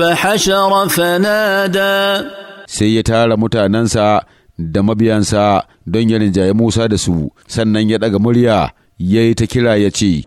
فحشر فنادى sai ya tara mutanensa da mabiyansa don ya Musa da su, sannan ya ɗaga murya ya yi ta kira ya ce,